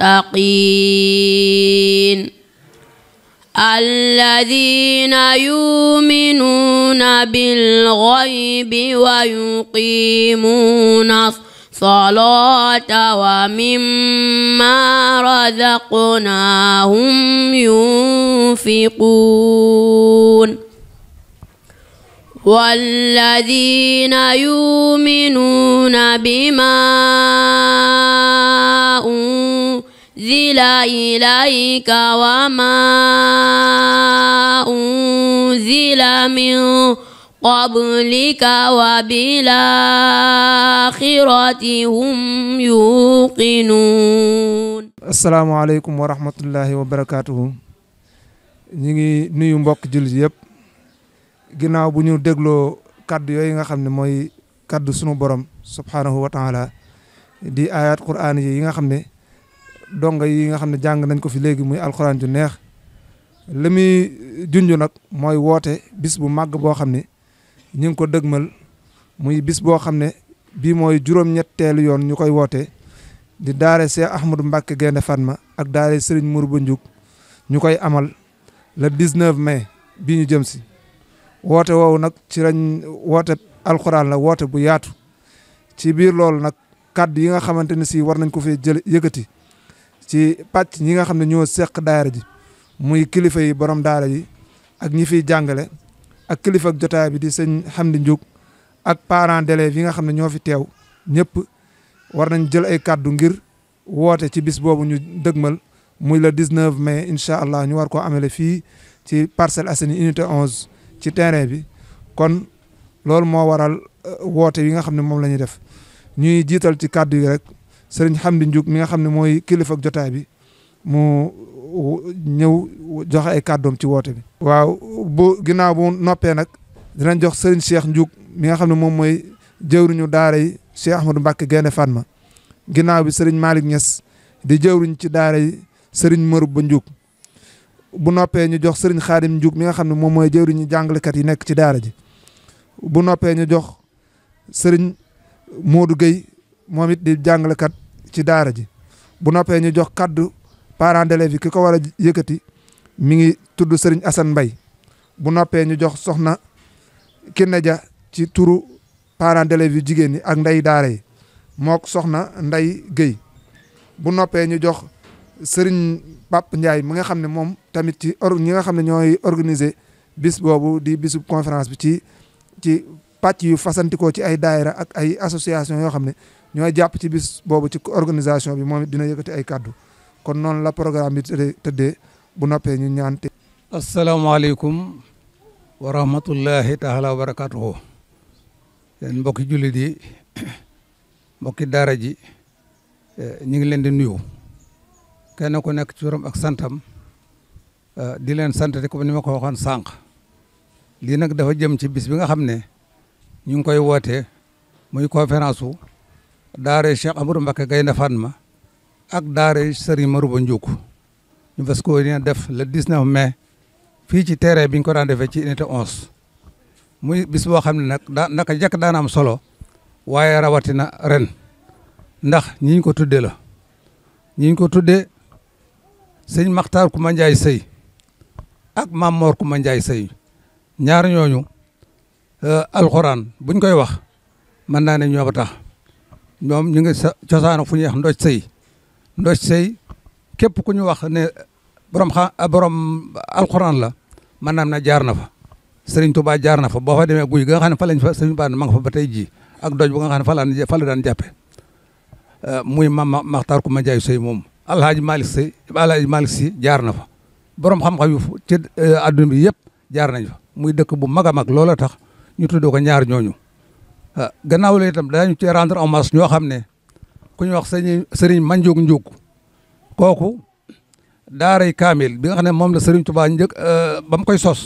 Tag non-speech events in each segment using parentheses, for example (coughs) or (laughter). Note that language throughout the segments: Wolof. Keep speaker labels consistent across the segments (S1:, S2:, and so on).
S1: المتقين الذين يؤمنون بالغيب ويقيمون الصلاة ومما رزقناهم ينفقون والذين يؤمنون بما أنزل أنزل إليك وما أنزل من قبلك وبالآخرة هم يوقنون
S2: asalaamaaleykum wa rahmatullahi wa barakaatuhu ñu ngi nuyu mbokk jullit yépp ginnaaw bu ñu dégloo kaddu yooyu nga xam ni mooy kaddu sunu borom subhaanahu wa taala di ayat quraan yi nga xam ne donga yi nga xam ne jàng nañ ko fi léegi muy alxuraan ju neex li junju nag mooy woote bis bu màgg boo xam ne ñu ngi ko dëgmal muy bis boo xam ne bii mooy juróom-ñetteelu yoon ñu koy woote di daare Cheikh Ahmadou Mbacké Gaïndé Fatma ak daare mur bu Bandiouck ñu koy amal le 19 mais bii ñu jëm si woote woowu nag ci lañ woote alxuraan la woote bu yaatu ci biir loolu nag kàddu yi nga xamante ne si war nañ ko fee jël yëkkati ci pàcc ñi nga xam ne ñoo seq daara ji muy kilifa yi borom daara yi ak ñi fiy jàngale ak kilifa ak bi di sëñ Hamdi Ndiouk ak parents d'élèves yi nga xam ne ñoo fi teew ñëpp war nañ jël ay kàddu ngir woote ci bis boobu ñu dëgmal muy le 19 mais incha allah ñu war ko amele fii ci Parcelles Assainies unité 11 ci terrain bi kon loolu moo waral euh, woote yi nga xam ne moom la ñuy def ñuy jiital ci kàddu yi rek sëriñ xam Hamdi Ndiouk mi nga xam ne mooy kilifa ak bi mu ñëw jox ay kàddoom ci woote bi. waaw bu ginnaaw bu noppee nag dinañ jox sëriñ Cheikh Ndiouk mi nga xam ne moom mooy jëwriñu daara yi Cheikh Ahmadou Mbacke Gaïndé Fatma ginnaaw bi sëriñ Malick Niass di jëwriñ ci daara yi sëriñ Mërub ba bu noppee ñu jox sëriñ Xaadim Ndiouk mi nga xam ne moom mooy jëwriñu jàngalekat yi nekk ci daara ji bu noppee ñu jox sëriñ moodu Guèye. moom it di jàngalekat ci daara ji bu noppee ñu jox kaddu parents d'élèves yi ki ko war a yëkkati mi ngi tudd sëriñ Assane Mbaye bu noppee ñu jox soxna Kiné Dia ci turu parents d'élèves yu jigéen ñi ak ndey daara yi mook soxna Ndey Guèye bu noppee ñu jox sëriñ Pape Ndiaye mi nga xam ne moom tamit ci or ñi nga xam ne ñooy organiser bis boobu di bisub conférence bi ci ci pàcc yu fasantikoo ci ay daayira ak ay association yoo xam ne ñoo jàpp ci bis boobu ci organisation bi moom it dina yëkkati ay kàddu
S3: kon noonu la programme bi tëddee bu noppee ñu ñaan te asalaamaaleykum wa rahmatullahi taala wa barakatuhu yéen mbokki jullit yi (coughs) mbokki daara ji eh, ñu ngi leen di nuyu kenn ku nekk ci turam ak santam eh, di leen sant te comme ni ma ko waxoon sànq lii nag dafa jëm ci bis bi nga xam ne ñu ngi koy woote muy conférence su daare Cheikh Amadou Mbacké Gaïndé ma ak daare Serigne Marouba Ndiouk ñu fas ko dina def le 19 mai fii ci terrain bi ñu ko daan defee ci unité 11 muy bis boo xam ne nag daa naka jekk daan am solo waaye rawatina ren ndax ñiñ ko tuddee la ñiñ ko tuddee sëñ Makhtar Kouma Ndiaye Seye ak Mame Mor Kouma Ndiaye Seye ñaar ñooñu euh, alxuraan buñ koy wax mën naa ne ñoo tax ñoom ñu ngi sa cosaano fu ñuy ndoj sëy ndoj sëy képp ku ñu wax ne borom xa ah, borom alxuraan la maanaam na jaar na fa Serigne Touba jaar na fa boo fa demee guy ga nga xam ne fa lañ fa Serigne Ba ma nga fa ba tey ji ak doj bu nga xam ne fa la fa la daan jàppe euh, muy Mame Makhtar Coumba Ndiaye Seye moom Alhaji Malick Sy Alhaji Malick Sy jaar na fa borom xam-xam yu ci euh, adduna bi yëpp jaar nañ fa muy dëkk bu mag a mag loola tax ñu tuddoo ko ñaar ñooñu Euh, gannaaw la itam daañu cee rendre hommage ñoo xam ne ku ñuy wax sëñ sëriñ Mandiog Ndiog kooku daaray kaamil bi nga xam ne moom la sëriñ Tuubaa njëkk euh, ba mu koy sos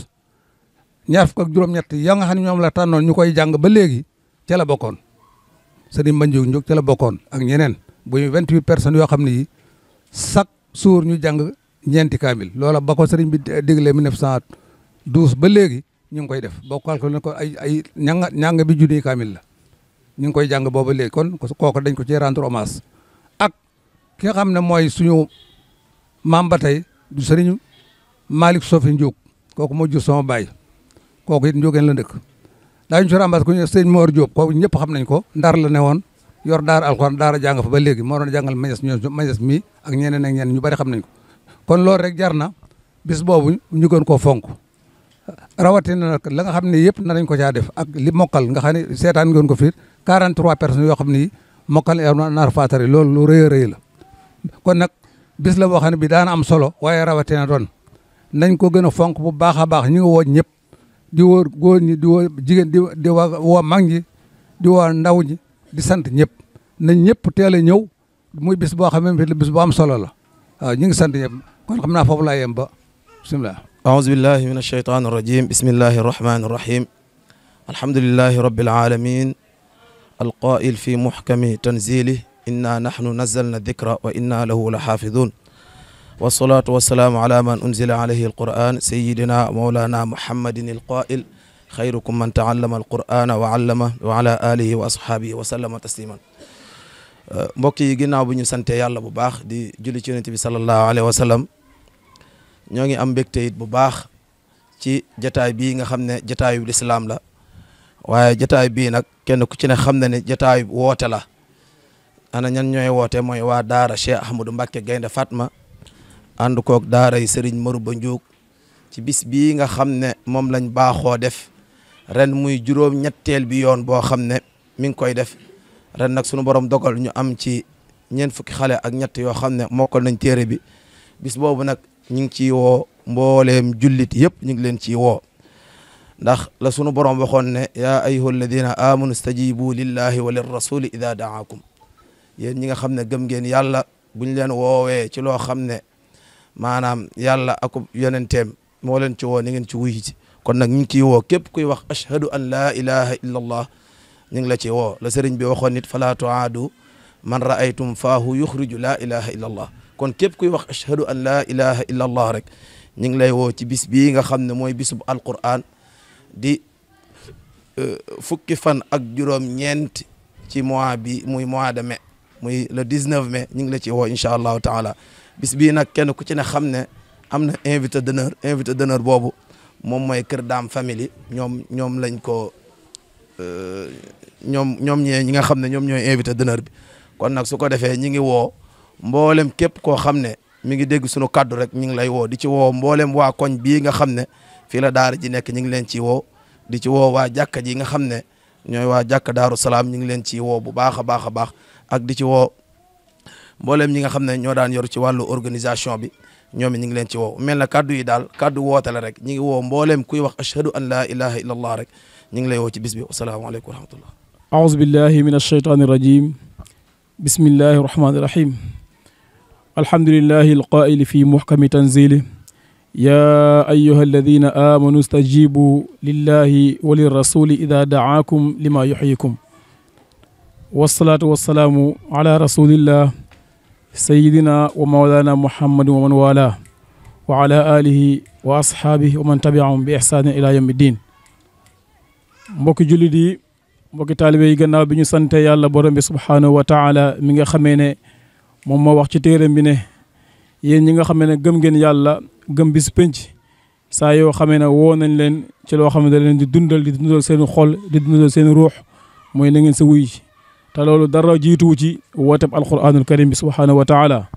S3: ñaar fukk ak juróom-ñett ya nga xam ne ñoom la tànnoon ñu koy jàng ba léegi ca la bokkoon sëriñ Mandiog Ndiog ca la bokkoon ak ñeneen bu ñu vingt-huit personnes yoo xam ne yi chaque jour ñu jàng ñeenti kaamil loola ba ko sëriñ bi déglee mille neuf cent ba léegi ñu ngi koy def boo calculé ko ay ay ñanga ñanga bi junniy kaamil la ñu ngi koy jàng booba léegi kon kooku dañ ko ci rendre hommage ak ki nga xam ne mooy suñu maam ba tey du sëriñ Malick Sofi Ndiouk kooku moo jur sama baay kooku it Ndioukeen la dëkk daañu ci rembassé ku ñu sëñ Mor Diop kooku ñëpp xam nañ ko ndar la ne woon yor daar alxuraan daara jàng fa ba léegi moo doon jàngal mañes ñoo mañes mi ak ñeneen ak ñeneen ñu bari xam nañ ko kon loolu rek jar na bis boobu ñu gën koo fonk rawatina nag la nga xam ne yëpp na nañ ko caa def ak li mokkal nga xam ne seetaan ngeen ko fii 43 personnes yoo xam ni mokkal naar faatari loolu lu rëy a rëy la kon nag bis la boo xam ne bi daana am solo waaye rawatina doon nañ ko gën a fonk bu baax a baax ñu ngi woo ñëpp di woo góor ñi di woo jigéen di di woo mag ñi di woo ndaw ñi di sant ñëpp nañ ñëpp teel a ñëw muy bis boo xam la bis bu am solo la waaw ñu ngi sant ñëpp kon xam naa foofu laa yem ba bisimilah
S4: أعوذ بالله من الشيطان الرجيم بسم الله الرحمن الرحيم الحمد لله رب العالمين القائل في محكم تنزيله إنا نحن نزلنا الذكر وإنا له لحافظون والصلاة والسلام على من أنزل عليه القرآن سيدنا مولانا محمد القائل خيركم من تعلم القرآن وعلمه وعلى آله وأصحابه وسلم تسليما مكي أه، جنا بن سنتي الله بباخ دي جلتي صلى الله عليه وسلم ñoo ngi am mbégte bu baax ci jataay bii nga xam ne jataayu lislaam la waaye jataay bii nag kenn ku ci ne xam na ne jataayu woote la ana ñan ñooy woote mooy waa daara Cheikh Ahmadou Mbacké Gaynde Fatma ànd koog daara yi maru Marouba Ndiouk ci bis bii nga xam ne moom lañ baaxoo def ren muy juróom ñetteel bi yoon boo xam ne mi ngi koy def ren nag sunu borom dogal ñu am ci ñeent fukki xale ak ñett yoo xam ne mokkal nañ téere bi bis boobu nag ñu ngi ciy woo mbooleem jullit yëpp ñu ngi leen ciy woo ndax la sunu borom waxoon ne yaa ayuha alladina amanu stajibu lillahi wa lirrasuli ida daakum yéen ñi nga xam ne gëm ngeen yàlla buñ leen woowee ci loo xam ne maanaam yàlla akub yonenteem moo leen ci woo ni ngeen ci wuy ci kon nag ñu ngi ciy woo képp kuy wax ashhadu an illa allah ñu ngi la ci woo la sëriñ bi waxoon nit fala man raaytum faahu yuxriju laa ilaha illa allah kon képp kuy wax ashhadu an laa ilaha illa allah rek ñu ngi lay woo ci bis bii nga xam ne mooy bisub alquran di euh, fukki fan ak juróom ñeent ci mois bi muy mois de mai muy le 19 mai ñu ngi la ci woo incha allahu taala bis bii nag kenn ku ci ne xam ne am na invité d'honneur invité d'honneur boobu moom mooy Kër Dame Family ñoom ñoom lañ ko euh, ñoom ñoom ñee ñi nga xam ne ñoom ñooy invité d'honneur bi kon nag su ko defee ñi ngi woo mbollem kep ko xamne mi ngi deg sunu kaddu rek ñing lay wo di ci wo mbollem wa koñ bi nga xamne fi la daara ji nek ñing leen ci wo di ci wo wa jàkka ji nga xamne ñoy wa jàkka daru salam ñing leen ci wo bu baaxa baaxa baax ak di ci wo mbollem ñi nga xamne ño daan yor ci walu organisation bi ñoom ñing leen ci wo mel na kaddu yi dal kaddu wote la rek ñi ngi wo mbollem kuy wax ashhadu an la ilaha illa allah rek ñing lay wo ci bisbi assalamu alaykum wa rahmatullah
S5: a'udhu billahi min rajim بسم bismillahi الرحمن الرحيم الحمد لله القائل في محكم تنزيله يا أيها الذين آمنوا استجيبوا لله وللرسول إذا دعاكم لما يحييكم والصلاة والسلام على رسول الله سيدنا ومولانا محمد ومن والاه وعلى آله وأصحابه ومن تبعهم بإحسان إلى يوم الدين مبوك جلدي مبوك mbokki يغنى بني سنتي bi ñu سبحانه وتعالى من خميني moom moo wax ci téeram bi ne yéen ñi nga xam ne gëm ngeen yàlla gëm bi si pénc saa yoo xamee ne woo nañ leen ci loo xam ne leen di dundal di dundal seen xol di dundal seeni ruux mooy na ngeen sa wuy te loolu dara jiituwu ci wooteb alquranul karim bi subhaanahu wa taala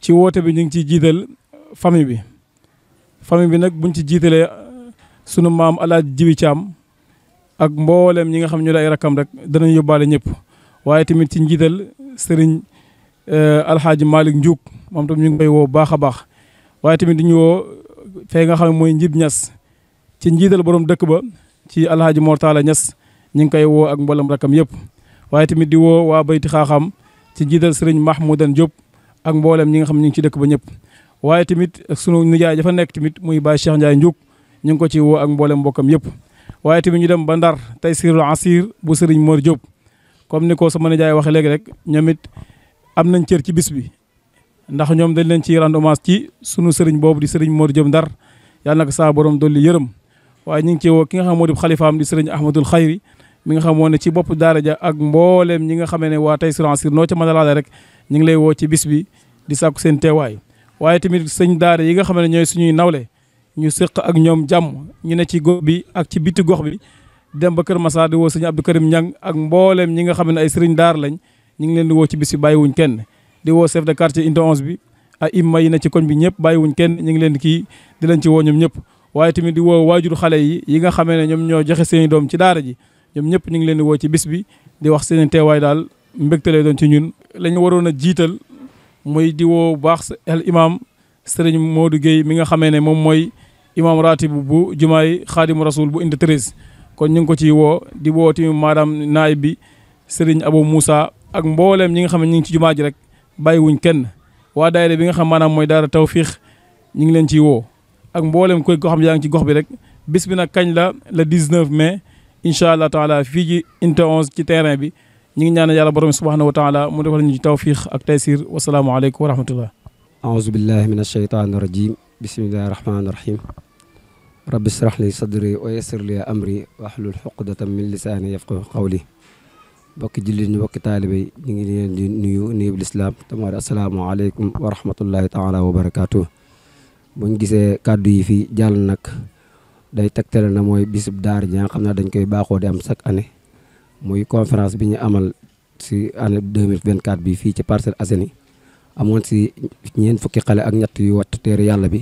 S5: ci woote bi ñu ngi ciy jiital famille bi famille bi nag buñ ci jiitalee sunu maam alaaj jibi caam ak mboolem ñi nga xam ñu la ay rakam rek danañ yóbbaale ñëpp waaye tamit ci njiital sëriñ Euh, alxaaji Malick Ndiouk moom tam ñu ngi koy woo baax a baax waaye tamit di ñu woo fee nga xam mooy Njib Ñas ci njiital borom dëkk ba ci alxaaji Mortala Ñas ñu ngi koy woo ak mboolem rakam yëpp waaye tamit di woo waa bayti xaaxam ci njiital sëriñ Mahmoudan Diop ak mboolem ñi xam ñu ngi ci dëkk ba ñëpp waaye tamit sunu nijaay dafa nekk tamit muy Baye Cheikh Ndiaye ñu ngi ko ci woo ak mboolem mbokkam yëpp waaye tamit ñu dem ba Ndar tey sirul asir bu sëriñ Mor Diop comme ni ko sama nijaay waxee léegi rek ñoom am nañ cër ci bis bi ndax ñoom dañ leen ciy rendre ci sunu sëriñ boobu di sëriñ moor Diop Ndar yàlla na ko saa borom dolli yërëm waaye ñu ngi cee woo ki nga xam moo di xalifaam di sëriñ Ahmadul Xayri mi nga xam ne ci bopp daara ja ak mbooleem ñi nga xamee ne waa tey suransir noo ca mën a laale rek ñu ngi lay woo ci bis bi di sàkku seen teewaay waaye tamit sëñ daara yi nga xam ne ñooy suñuy nawle ñu séq ak ñoom jàmm ñu ne ci gox bi ak ci biti gox bi dem ba Kër Massar di woo sëñ Abdou Karim Ñang ak mbooleem ñi nga xam ne ay sëriñ daar lañ ñu ngi leen di woo ci bis bi wuñ kenn di woo chef de quartier unité 11 bi ak imma yi na ci koñ bi ñëpp bàyyiwuñ kenn ñu ngi leen kii di leen ci woo ñoom ñëpp waaye tamit di woo waajur xale yi yi nga xamee ne ñoom ñoo joxe seen i doom ci daara ji ñoom ñëpp ñu ngi leen di woo ci bis bi di wax seen teewaay daal mbégte lee doon ci ñun lañ waroon a jiital muy di woo baax al imam sëriñ Modou Guèye mi nga xamee ne moom mooy imam ratib bu jumaay xaadimu rasul bu indi kon ñu ngi ko ciy woo di woo tamit maadaam naay bi sëriñ Abou Moussa ak mbooleem ñi nga xam ne ñu ngi ci jumaa ji rek bàyyiwuñ kenn waa daayira bi nga xam maanaam mooy daara tawfiix ñu ngi leen ciy woo ak mbooleem koy koo xam yaa ngi ci gox bi rek bis bi kañ la le 19 mai incha allah taala fii ci inte 11 ci terrain bi ñu ngi ñaanal yàlla borom subhanahu wa taala mu defal ñu ci tawfiix ak taysir wasalaamualeykum wa rahmatullah
S6: aouzu billahi min asheytaani rajim bismillahi rahmaani rahim rabbi israh li sadri wa yassir li amri wahlul uqdatan min lisaani yafqahu qawli mbokki jullit ñi mbokki taalibe yi ñu ngi leen di nuyu nuyu lislaam tamaari asalaamaaleykum wa rahmatullahi taala wa barakaatu buñ gisee kàddu yi fii jàll nag day tegtale na mooy bisub daar ji xam ne dañ koy baaxoo di am chaque année muy conférence bi ñu amal si année 2024 bi fii ci Parcelles Assainies amoon si ñeent fukki xale ak ñett yu watt téere yàlla bi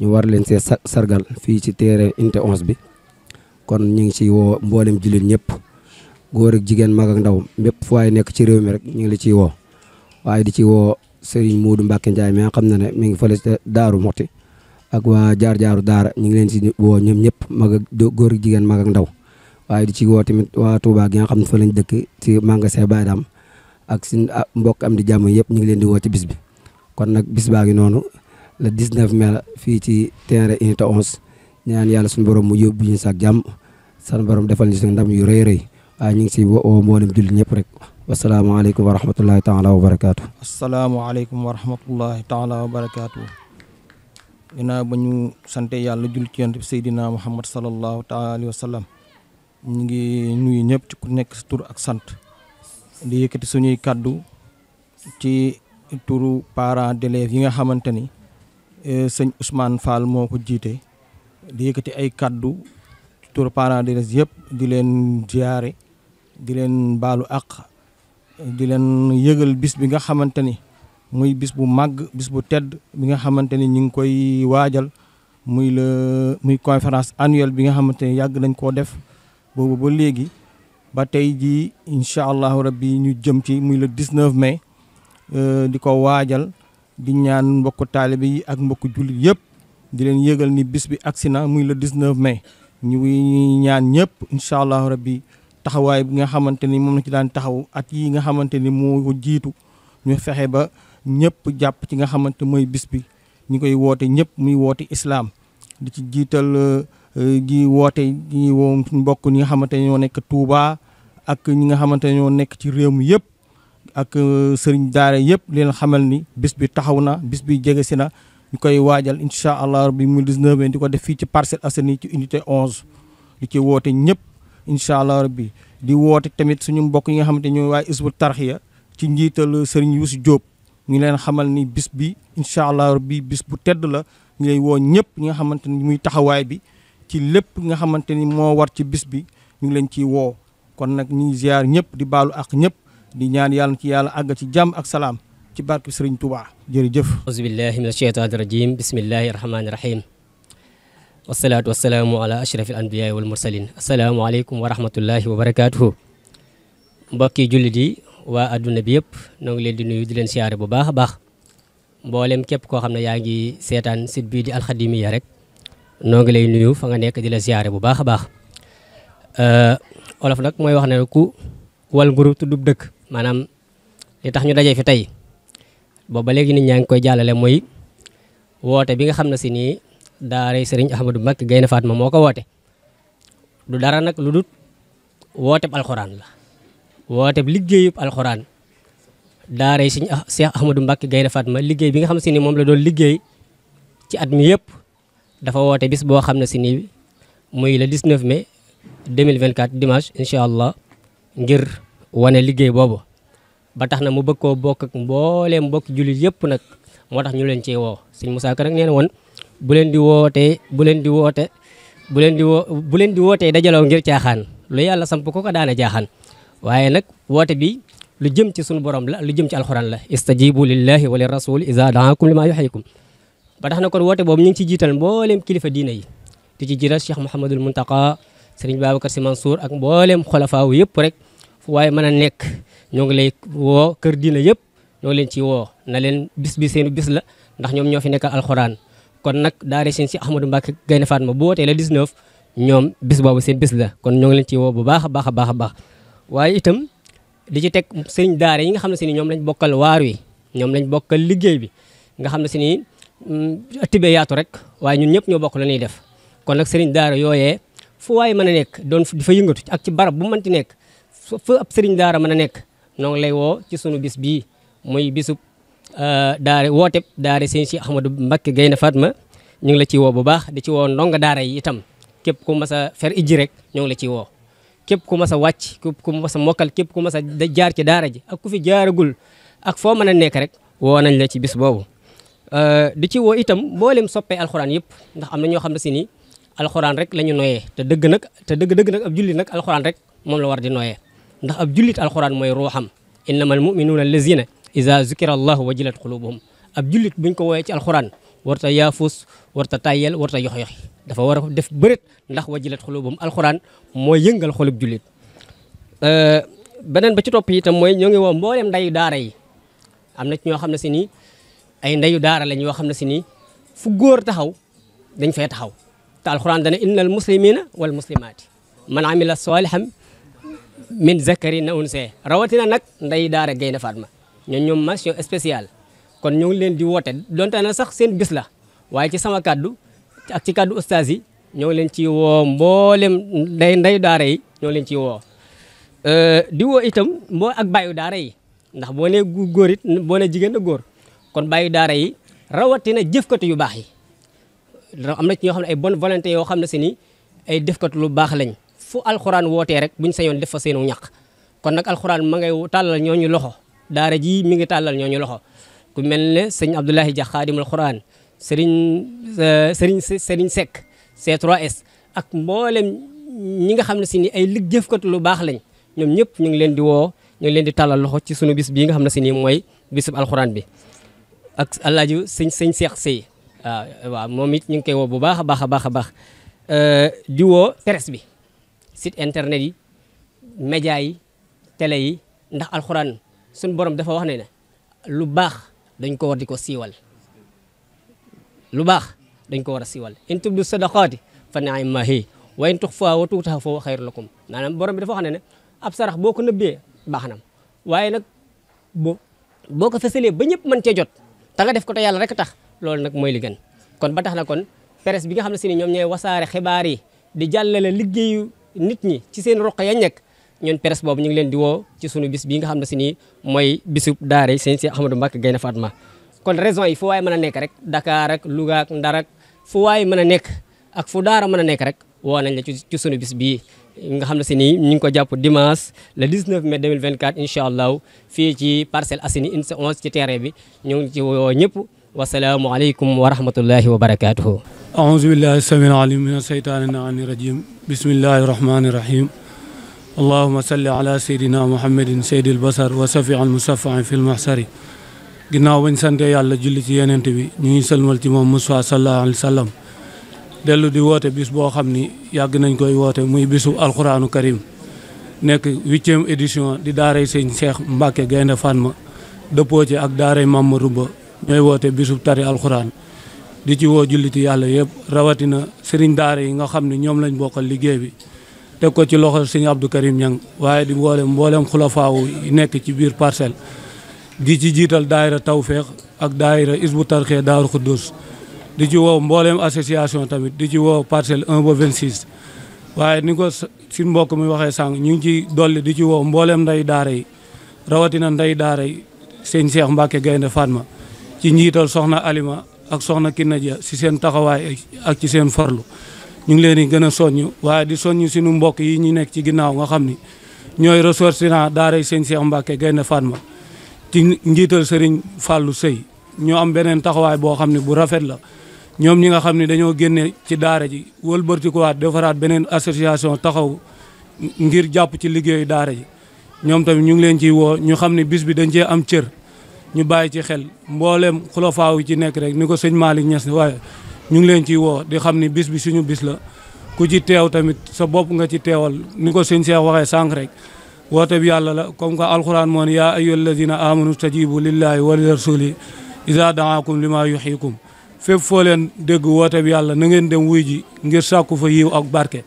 S6: ñu war leen see sargal fii ci téere inte 11 bi kon ñu ngi ci woo mboolem jullit ñëpp góor ak jigéen mag ak ndaw bépp fu waay nekk ci réew mi rek ñu ngi la ciy woo waaye di ci woo Serigne Modou Mbacke Ndiaye mi nga xam ne ne mi ngi fële Daaru Moxti ak waa jaar-jaaru daara ñu ngi leen si woo ñoom ñëpp mag ak góor jigéen mag ak ndaw waaye di ci woo tamit waa Touba gi nga xam ne fa lañ dëkk ci magasin Baye Dame ak suñ ah, mbokk am di jàmm yëpp ñu ngi leen di woo ci bis bi kon nag bis baa ngi noonu le 19 mai la fii ci terrain unité 11 ñaan yàlla suñu borom mu yóbbu ñu sax jàmm san borom defal ñu si yu rëy rëy waaye ñu ngi si woo mboolem jullit ñëpp rek wasalaamaaleykum wa rahmatullahi taala wa barakaatu.
S7: asalaamaaleykum wa rahmatullahi taala wa ba ñu sante yàlla jul ci yonent bi Seydina Muhammad sallallahu taala alayhi ñu ngi nuyu ñëpp ci ku nekk si tur ak sant di yëkkati suñuy kàddu ci turu parents d'élèves yi nga xamante ni e, sëñ Ousmane Fall moo jiite di yëkkati ay kàddu ci turu parents yëpp di leen ziare di len balu ak di len yeugal bis bi nga xamanteni muy bis bu mag, bis bu tedd bi nga xamanteni ni ngi koy wajal muy le muy conférence annuelle bi nga xamanteni yag nañ ko def bobu ba legi ba tay ji inshallah rabbi ñu jëm ci muy le 19 mai euh, di kau wajal di ñaan mbokk taalibe yi ak mbokk yep, yëpp di len yeugal ni bis bi aksina na muy le 19 mai ñu ñaan ñëpp inshallah rabbi taxaway bi nga xamanteni mom la ci daan taxaw at yi nga xamanteni mo moo ko jiitu ñu fexé ba ñepp japp ci nga xamanteni moy bis bi ñi koy wote ñepp muy wote islam di ci jital gi eh, wote gi wo mbokk ñi nga xamanteni ñoo nek Touba ak ñi nga xamanteni ñoo nek ci réew mu yépp ak eh, sëriñ daara yépp leen xamal ni bis bi taxaw na bis bi jégé sina ñu koy waajal inshallah allah mu 19 di ko def fi ci parcel Assainies ci unité 11 li ci wote ñepp inshallah rabbi di wote tamit suñu mbokk yi nga xamanteni ñoy waa isbu tarhiya ci njital serigne yous Diop ñu leen xamal ni bis bi inshallah rabbi bis bu tedd la ñu lay wo ñepp nga xamanteni muy taxaway bi ci lepp nga xamanteni mo war ci bis bi ñu leen ci wo kon nak ñi ziar ñepp di balu
S8: ak ñepp di ñaan yalla ci yalla ag ci jam ak salam ci barke serigne Touba jeri jeuf billahi min rajim rahim wasalaatu wasalaamu ala ashrafil anbiyaai wal mursalin asalaamualeykum wa rahmatullahi wa barakaatuhu mbokki jullit yi waa adduna bi yëpp ñoo ngi leen di nuyu di leen siyaare bu baax a baax mbooleem képp koo xam ne yaa ngi seetaan si bii di alxadimiya rek noo ngi lay nuyu fa nga nekk di la siyaare bu baax a baax euh, olof nag mooy wax ne ku wal nguru tuddub dëkk maanaam li tax ñu dajee fi tey booba léegi nit ñaa ngi koy jàllale mooy woote bi nga xam ne si nii daaray sëriñ Ahmadou Mbacké Gaynde Fatma moo ko woote du dara nag lu dut wooteb alxuraan la wooteb liggéeyub alxuraan daaray sëriñ ah-, Cheikh Ahmadou Mbacké Gaynde Fatma liggéey bi nga xam si ni moom la doon liggéey ci at mi yëpp dafa woote bis boo xam ne si ni muy le 19 mai 2024 dimanche incha allah ngir wane liggéey boobu ba tax na mu bëgg koo bokk ak mbokk julit jullit yëpp nag moo tax ñu leen cee woo sëriñ Moussa Ka nag woon bu leen di wootee bu leen di woote bu leen di woo bu leen di wootee dajaloo ngir caaxaan lu yàlla samp ko ko daana jaaxaan waaye nag woote bi lu jëm ci sunu borom la lu jëm ci alxuraan la istajibu lillahi wa lirrasul iza daakum lima yuhyikum ba tax na kon woote boobu ñu ngi ci jiital mbooleem kilifa diina yi di ci jiital Cheikh Mouhamadul Muntaqa Serigne Babacar Sy Mansour ak mbooleem xolafaaw yëpp rek fu waaye mën a nekk ñoo ngi lay woo kër diina yëpp ñoo ngi leen ci woo na leen bis bi seen la ndax ñoom ñoo fi nekkal alxuraan kon nag daare seen si Ahmadou Mbacke Gaynde Fatma bu wootee la 19 ñoom bis boobu seen bis la kon ñoo leen ci woo bu baax a baax a baax waaye itam di ci teg sëriñ daare yi nga xam ne si ni ñoom lañ bokkal waar wi ñoom lañ bokkal liggéey bi nga xam ne si ni mm, tibee yaatu rek waaye ñun ñëpp ñoo bokk la ñuy def kon nag sëriñ daara yooyee fu waaye mën a nekk doon di fa yëngatu ak ci barab bu mënti nekk fu ab sëriñ daara mën a nekk noo ngi lay Euh, daare woote daare sëñ Cheikh Ahmadou Mbacké Gaynde Fatma ñu ngi la ciy woo bu baax di ci woo ndonga daara yi itam képp ku mas a fer ijji rek ñu la ciy woo képp ku mas a wàcc képp ku mas a mokkal képp ku mas a jaar ci daara ji ak ku fi jaaragul ak foo mën a nekk rek woo nañ la ci bis boobu euh, di ci woo itam mboolem soppee alxuraan yëpp ndax am na ñoo xam ne si ni alxuraan rek la ñu noyee te dëgg nag te dëgg-dëgg nag ab jullit nag alxuraan rek moom la war di noyee ndax ab jullit alxuraan mooy ruuxam innamal muminuuna allazina iza zikira allahu wajilat qulubuhum ab jullit buñ ko woowee ci alxuraan warta yaafus warta tàyyel warta yox-yoxi dafa war a def bërit ndax wajilat xulubum alxuraan mooy yëngal xolub jullit beneen ba ci topp itam mooy ñoo ngi woo mbooleem ndayu daara yi am na ci ñoo xam ne si nii ay ndayu daara lañ yoo xam ne si nii fu góor taxaw dañ fay taxaw te alxuraan dana innal muslimina wal muslimaati man amila salihan min zakarin na unsee rawatina nag ndayu daara Gaynde Fatma ñoo ñom mention spéciale kon ñu ngi leen di woté don na sax seen bis la waye ci sama cadeau ak ci cadeau oustazi ñoo leen ci wo mboolem nday nday daara yi ñoo leen ci euh di wo itam mo ak bayu daara yi ndax bo nee góor it boo nee jigéen a kon bayu daara yi rawatina jëfkatu yu bax yi amna na ci ñoo xamne ay bonne volonté yo xamne seeni ay defkatu lu bax lañ fu alcorane woté rek buñ sañoon def fa seenu ñak kon nak alcorane ma ngay ñoo ñu loxo daara ji mi ngi tàllal ñooñu loxo ku mel ne sëñ Abdoulahi Dia xaadimul Quran sëriñ euh, seriñ sëriñ Seck c 3 ak mboolem ñi nga xam ne si ni ay liggéeykat lu baax lañ ñoom ñëpp ñu ngi leen di woo ñu ngi leen di tàllal loxo ci sunu bis bii nga xam ne si ni mooy bisub alxuraan bi ak alaaju sëñ sëñ Seex Sey waaw moom it ñu ngi koy woo bu baax a baax a baax a baax euh, di woo presse bi sit internet yi média yi tele yi ndax alxuraan suñ borom dafa wax ne ne lu baax dañ ko war di ko siiwal lu baax dañ ko war a siiwal in tubdu sadaqaati fa ni'ammaa hiya wa in tuxfuuhaa wa tu'tuuhaa fa huwa xayrun lakum maanaam borom bi dafa wax ne na ab sarax boo ko nëbbee baax na waaye nag bu boo ko fësalee ba ñëpp mën cee jot ta def ko te yàlla rek tax loolu nag mooy li kon ba tax na kon presse bi nga xam ne si ni ñoom ñooy wasaare xibaar yi di jàllale liggéeyu nit ñi ci seen roq ya nekk ñoon presse boobu ñu ngi leen di woo ci sunu bis nga xam ne si nii mooy bisub daare sëñ si Ahmadou Mbacké Gaïndé Fatma kon raison yi fu waaye a nekk rek Dakar ak Louga ak Ndar ak fu waaye mën a nekk ak fu daara mën a nekk rek woo nañ la ci sunu bis bii nga xam na si ni ñu ngi ko jàpp dimanche le 19 mai 2024 incha allah fii ci Parcelles Assainies unité 11 ci terrain bi ñu ngi ci woo ñëpp wasalaamualeykum wa rahmatullahi wa barakatuhu
S9: aouzu billahi samil alim min asheytaani na ani rajim bismillahi rahmani rahim اللهم صل على سيدنا محمد سيد البصر وشفيع المشفع في المحشر ginnaaw bañ sante yàlla julli ci yenent bi ñu ngi sëlmal ci moom Musaa sallallahu alayhi wa sallam dellu di woote bis boo xam ni yàgg nañ koy woote muy bisu alxuraanu karim nekk huitième édition di daaray sëñ Cheikh Mbacke Gaynde Fatma dëppoo ci ak daaray Mamadou Ba ñooy woote bisu tari alxuraan di ci woo julliti yàlla yëpp rawatina sëriñ daara yi nga xam ne ñoom lañ bokkal liggéey bi teg ko ci loxo sëñ Abdou Karim Niang waaye di mboole mbooleem xulafaaw yi nekk ci biir parcelle di ci jiital daayira tawféex ak daayira isbu tarxee daaru xuddus di ci woo mbooleem association tamit di ci woo parcelle 1 ba 26 waaye ni ko si mbokk mi waxee sànq ñu ngi ci dolli di ci mbooleem nday daara yi rawatina nday daara yi sëñ Cheikh Mbacke Gaynde Fatma ci njiital soxna Alima ak soxna Kinna Dia si seen taxawaay ak ci seen farlu ñu ngi leen di gën a soññ waaye di soññ suñu mbokk yi ñu nekk ci ginnaaw nga xam ni ñooy ressortissants daaray sëñ Cheikh Mbacke Gaynde Fatma ti njiital sëriñ fàllu Sey ñoo am beneen taxawaay boo xam ne bu rafet la ñoom ñi nga xam ne dañoo génne ci daara ji wëlbatikuwaat defaraat beneen association taxaw ngir jàpp ci liggéey daara ji ñoom tamit ñu ngi leen ciy woo ñu xam ne bis bi dañ cee am cër ñu bàyyi ci xel mbooleem xulafaaw yi ci nekk rek ni ko sëñ Malick Niass waaye ñu ngi leen ciy woo di xam ni bis bi suñu bis la ku ci teew tamit sa bopp nga ci teewal ni ko sëñ Cheikh waxee sànq rek woote bi yàlla la comme que alxuraan moo ne yaa ayyuha alladina amanu stajibu lillahi wa lirasuli ida daakum lima yuxiikum fépp foo leen dégg woote yàlla na ngeen dem wuy ji ngir sàkku fa yiw ak barke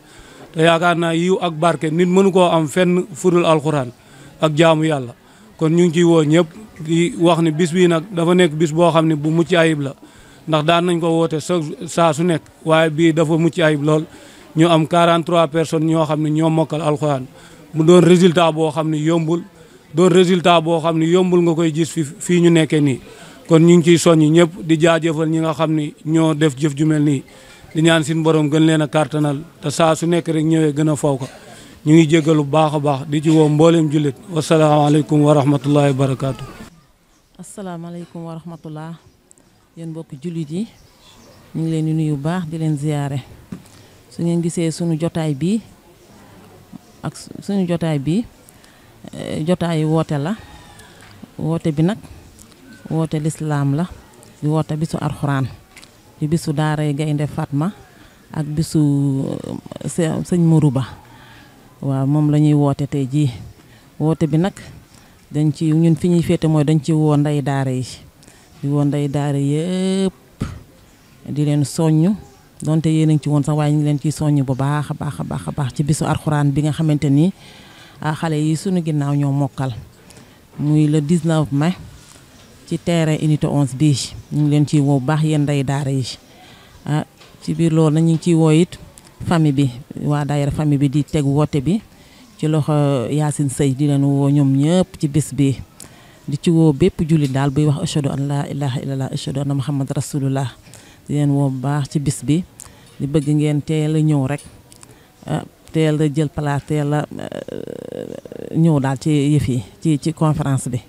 S9: te yaakaar naa yiw ak barke nit mënu koo am fenn fudul alxuraan ak jaamu yàlla kon ñu ngi ciy woo ñëpp di wax ne bis bii nag dafa nekk bis boo xam ne bu mucc ayib la ndax daan nañ ko woote saa su nekk waaye bii dafa mucc ayib lool ñu am 43 personnes ñoo xam ne ñoo mokkal alxuraan mu doon résultat boo xam ne yombul doon résultat boo xam ne yombul nga koy gis fi fii ñu nekkee nii kon ñu ngi ciy soññi ñëpp di jaajëfal ñi nga xam ni ñoo def jëf ju mel nii di ñaan sin borom gën leen a kartanal te saa su nekk rek ñëwee gën a faw ko ñu ngi jégalu bu baax a baax di ci woo mboolem jullit wasalaamaaleykum wa rahmatullahi wa barakaatu.
S10: asalaamaaleykum wa rahmatullah. yéen mbokki jullit yi ñu ngi leen di nuyu baax di leen ziyaare su ngeen gisee suñu jotaay bii ak suñu jotaay bi eh, jotaayu woote la woote bi nag woote lislaam la di woote bisu arxuraan di bisu daaray gaynde Fatma ak bisu eh, sëñ muru Ba waaw moom la ñuy woote tey jii woote bi nag dañ ci ñun fi ñuy féete mooy dañ ci woo ndey daara yi di won day daara yépp di leen soññ donte yéen ci woon sax waaye ñu leen ciy soññ bu baax a baax a baax a baax ci bisu alxuraan bi nga xamante ni xale yi sunu ginnaaw ñoo mokkal muy le 19 mai ci terrain unité 11 bi ñu ngi leen ciy woo baax yéen day daara yi ci biir loolu nag ñu ngi ciy woo it famille bi waa daayira famille bi di teg wote bi ci loxo Yacine Seye di leen woo ñoom ñëpp ci bis bi di ci wo bépp julli dal buy wax ashhadu an la ilaha illallah ashhadu anna muhammad rasulullah di len wo bax ci bis bi di bëgg ngeen teel ñew rek ah, teel da jël place teel eh, ñew dal ci yëf yi ci ci conférence bi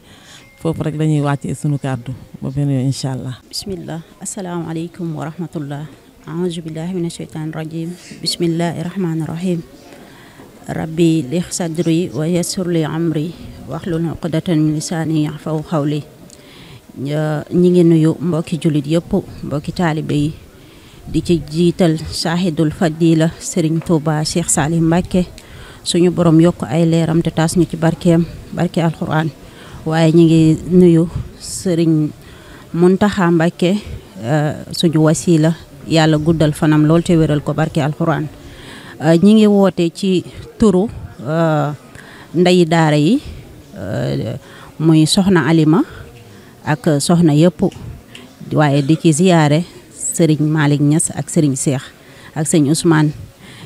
S10: foofu rek dañuy wàccee sunu kàddu ba ben incha allah
S11: bismillah alaykum wa rahmatullah a'udhu billahi minash shaitanir rajim bismillahir rahmanir rahim rabbi ربي لي wa yassir لي wax waxlul uqdatan min lisaani yahfaw xawli ñi ngi nuyu mbokki julit yëpp mbokki taalibe yi di ci jiital saahidul fadila sëriñ Touba Cheikh Salim Mbacke suñu borom yokk ay leeram te taas ñu ci barkeem barke alxuraan waaye ñi ngi nuyu sëriñ Muntaxa Mbacke eh, suñu wasila yàlla guddal fanam lool te wéral ko barke alxuraan eh, ñi ngi woote ci turu eh, ndeyi daara Euh, muy soxna Alima ak soxna yëpp waaye di ci ziyaare Serigne Malick Niass ak Serigne Cheikh ak sëñ Ousmane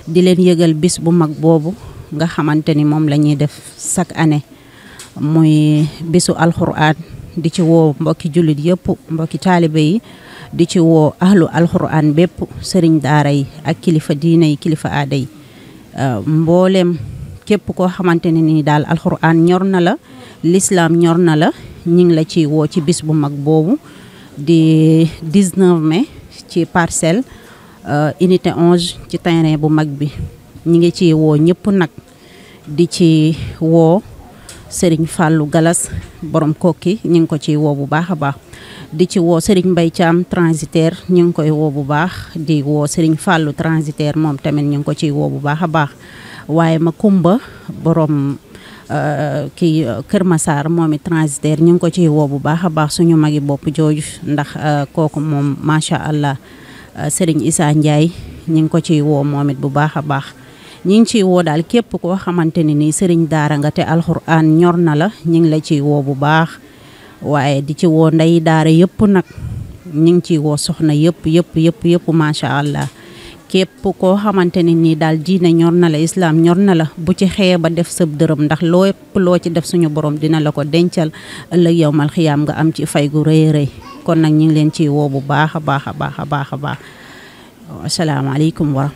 S11: di leen yëgal bis bu mag boobu nga xamante ni moom la ñuy def chaque année muy bisu alxuraan di ci woo mbokki jullit yëpp mbokki taalibe yi di ci woo ahlu alxuraan bépp sëriñ daara yi ak kilifa diine kilifa aada yi euh, mboolem képp koo xamante ne ni daal alxuraan ñor na la l'islam ñor na la ñi ngi la ci woo ci bis bu mag boobu di 19 mai ci parcelle euh, unité 11 ci terrain bu mag bi ñi ngi ci woo ñëpp nag di ci woo Serigne Fallou Galas borom koki ñi ngi ko ci woo bu baax baax di ci woo Serigne Mbaye Thiam transitaire ñi ngi koy woo bu baax di woo Serigne Fallou transitaire mom tamit ñi ngi ko ciy woo bu baax baax waaye Makumba borom euh, kii Kër Massar moom it transitaire ñu ngi ko ciy woo bu baax a baax suñu magi bopp jooju ndax euh, kooku moom macha allah euh, Serigne Issa Ndiaye ñu ngi ko ciy woo moom it bu baax a baax. ñi ngi ciy woo daal képp koo xamante ne nii Serigne Daara nga te alxuraan ñor na la ñu ngi la ciy woo bu baax waaye di ci woo ndey Daara yëpp nag ñu ngi ciy woo soxna yëpp yëpp yëpp yëpp macha allah. képp koo xamante ne nii daal diine ñor na la islaam ñor na la bu ci xee ba def sëb dërëm ndax lépp loo ci def suñu borom dina la ko dencal ëllëg yowmal xiyaam nga am ci fay gu rëy rëy kon nag ñu ngi leen ciy woo bu baax a baax a baax a baax a baax asalaamaaleykum wa